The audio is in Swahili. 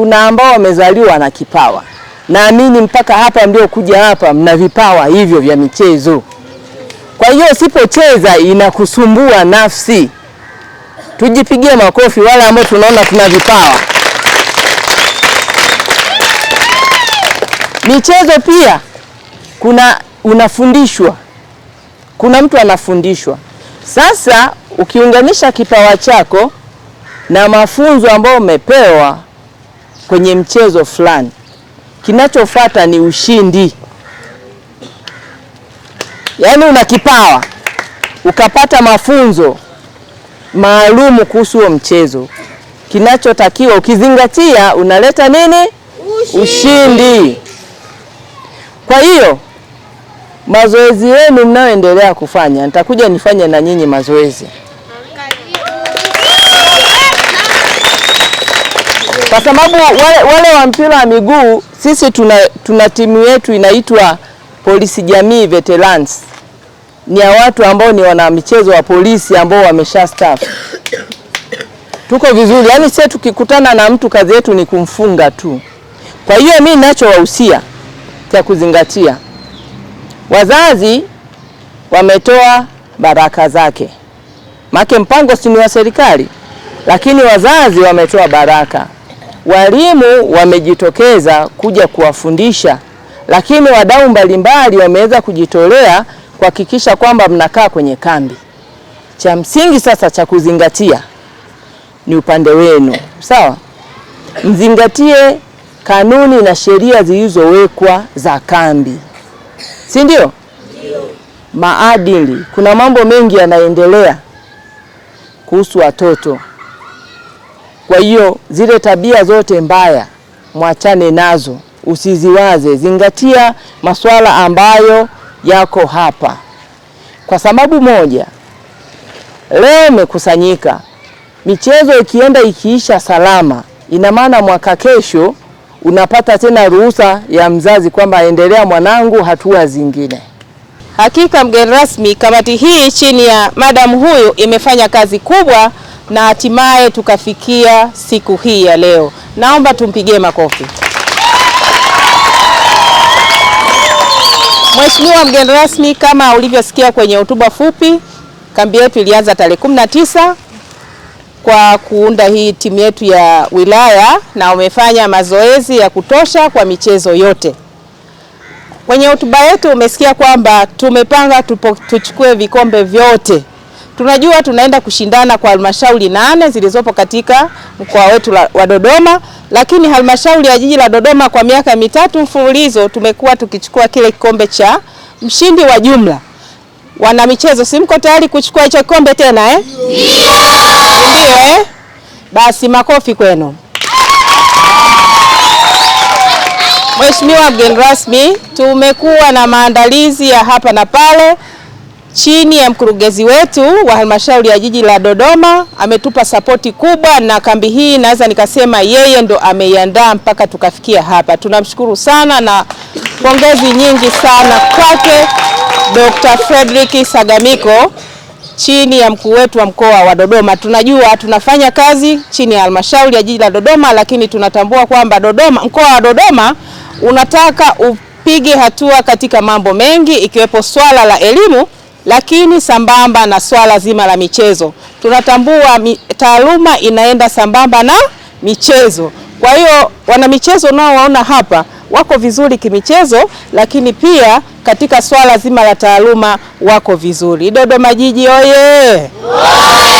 kuna ambao wamezaliwa na kipawa. Naamini mpaka hapa ndio kuja hapa, mna vipawa hivyo vya michezo. Kwa hiyo usipocheza inakusumbua nafsi. Tujipigie makofi wale ambao tunaona tuna vipawa. Michezo pia kuna unafundishwa, kuna mtu anafundishwa. Sasa ukiunganisha kipawa chako na mafunzo ambayo umepewa kwenye mchezo fulani, kinachofuata ni ushindi. Yaani una kipawa ukapata mafunzo maalumu kuhusu huo mchezo, kinachotakiwa ukizingatia, unaleta nini? Ushindi, ushindi. Kwa hiyo mazoezi yenu mnayoendelea kufanya, nitakuja nifanye na nyinyi mazoezi. kwa sababu wale, wale wa mpira wa miguu sisi tuna, tuna timu yetu inaitwa Polisi Jamii Veterans, ni ya watu ambao ni wana michezo wa polisi ambao wamesha staff. Tuko vizuri, yaani sisi tukikutana na mtu kazi yetu ni kumfunga tu. Kwa hiyo mimi ninachowahusia cha kuzingatia, wazazi wametoa baraka zake, make mpango si ni wa serikali, lakini wazazi wametoa baraka walimu wamejitokeza kuja kuwafundisha, lakini wadau mbalimbali wameweza kujitolea kuhakikisha kwamba mnakaa kwenye kambi. Cha msingi sasa cha kuzingatia ni upande wenu, sawa? Mzingatie kanuni na sheria zilizowekwa za kambi, si ndio? Maadili, kuna mambo mengi yanaendelea kuhusu watoto kwa hiyo zile tabia zote mbaya mwachane nazo, usiziwaze, zingatia masuala ambayo yako hapa, kwa sababu moja, leo mekusanyika michezo ikienda ikiisha salama, ina maana mwaka kesho unapata tena ruhusa ya mzazi kwamba endelea mwanangu, hatua zingine. Hakika mgeni rasmi, kamati hii chini ya madamu huyu imefanya kazi kubwa na hatimaye tukafikia siku hii ya leo. Naomba tumpigie makofi. Mheshimiwa mgeni rasmi, kama ulivyosikia kwenye hotuba fupi, kambi yetu ilianza tarehe kumi na tisa kwa kuunda hii timu yetu ya wilaya na umefanya mazoezi ya kutosha kwa michezo yote. Kwenye hotuba yetu umesikia kwamba tumepanga tupo, tuchukue vikombe vyote Tunajua tunaenda kushindana kwa halmashauri nane zilizopo katika mkoa wetu wa Dodoma, lakini halmashauri ya jiji la Dodoma kwa miaka mitatu mfululizo tumekuwa tukichukua kile kikombe cha mshindi wa jumla. wana michezo si mko tayari kuchukua hicho kikombe tena eh? Ndio. Eh? Basi makofi kwenu. Mheshimiwa mgeni rasmi, tumekuwa na maandalizi ya hapa na pale chini ya mkurugenzi wetu wa halmashauri ya jiji la Dodoma ametupa sapoti kubwa, na kambi hii naweza nikasema yeye ndo ameiandaa mpaka tukafikia hapa. Tunamshukuru sana na pongezi nyingi sana kwake Dr. Frederick Sagamiko chini ya mkuu wetu wa mkoa wa Dodoma. Tunajua tunafanya kazi chini ya halmashauri ya jiji la Dodoma, lakini tunatambua kwamba Dodoma, mkoa wa Dodoma unataka upige hatua katika mambo mengi ikiwepo swala la elimu. Lakini sambamba na swala zima la michezo, tunatambua mi, taaluma inaenda sambamba na michezo. Kwa hiyo wanamichezo nao waona hapa wako vizuri kimichezo, lakini pia katika swala zima la taaluma wako vizuri. Dodoma Jiji oye!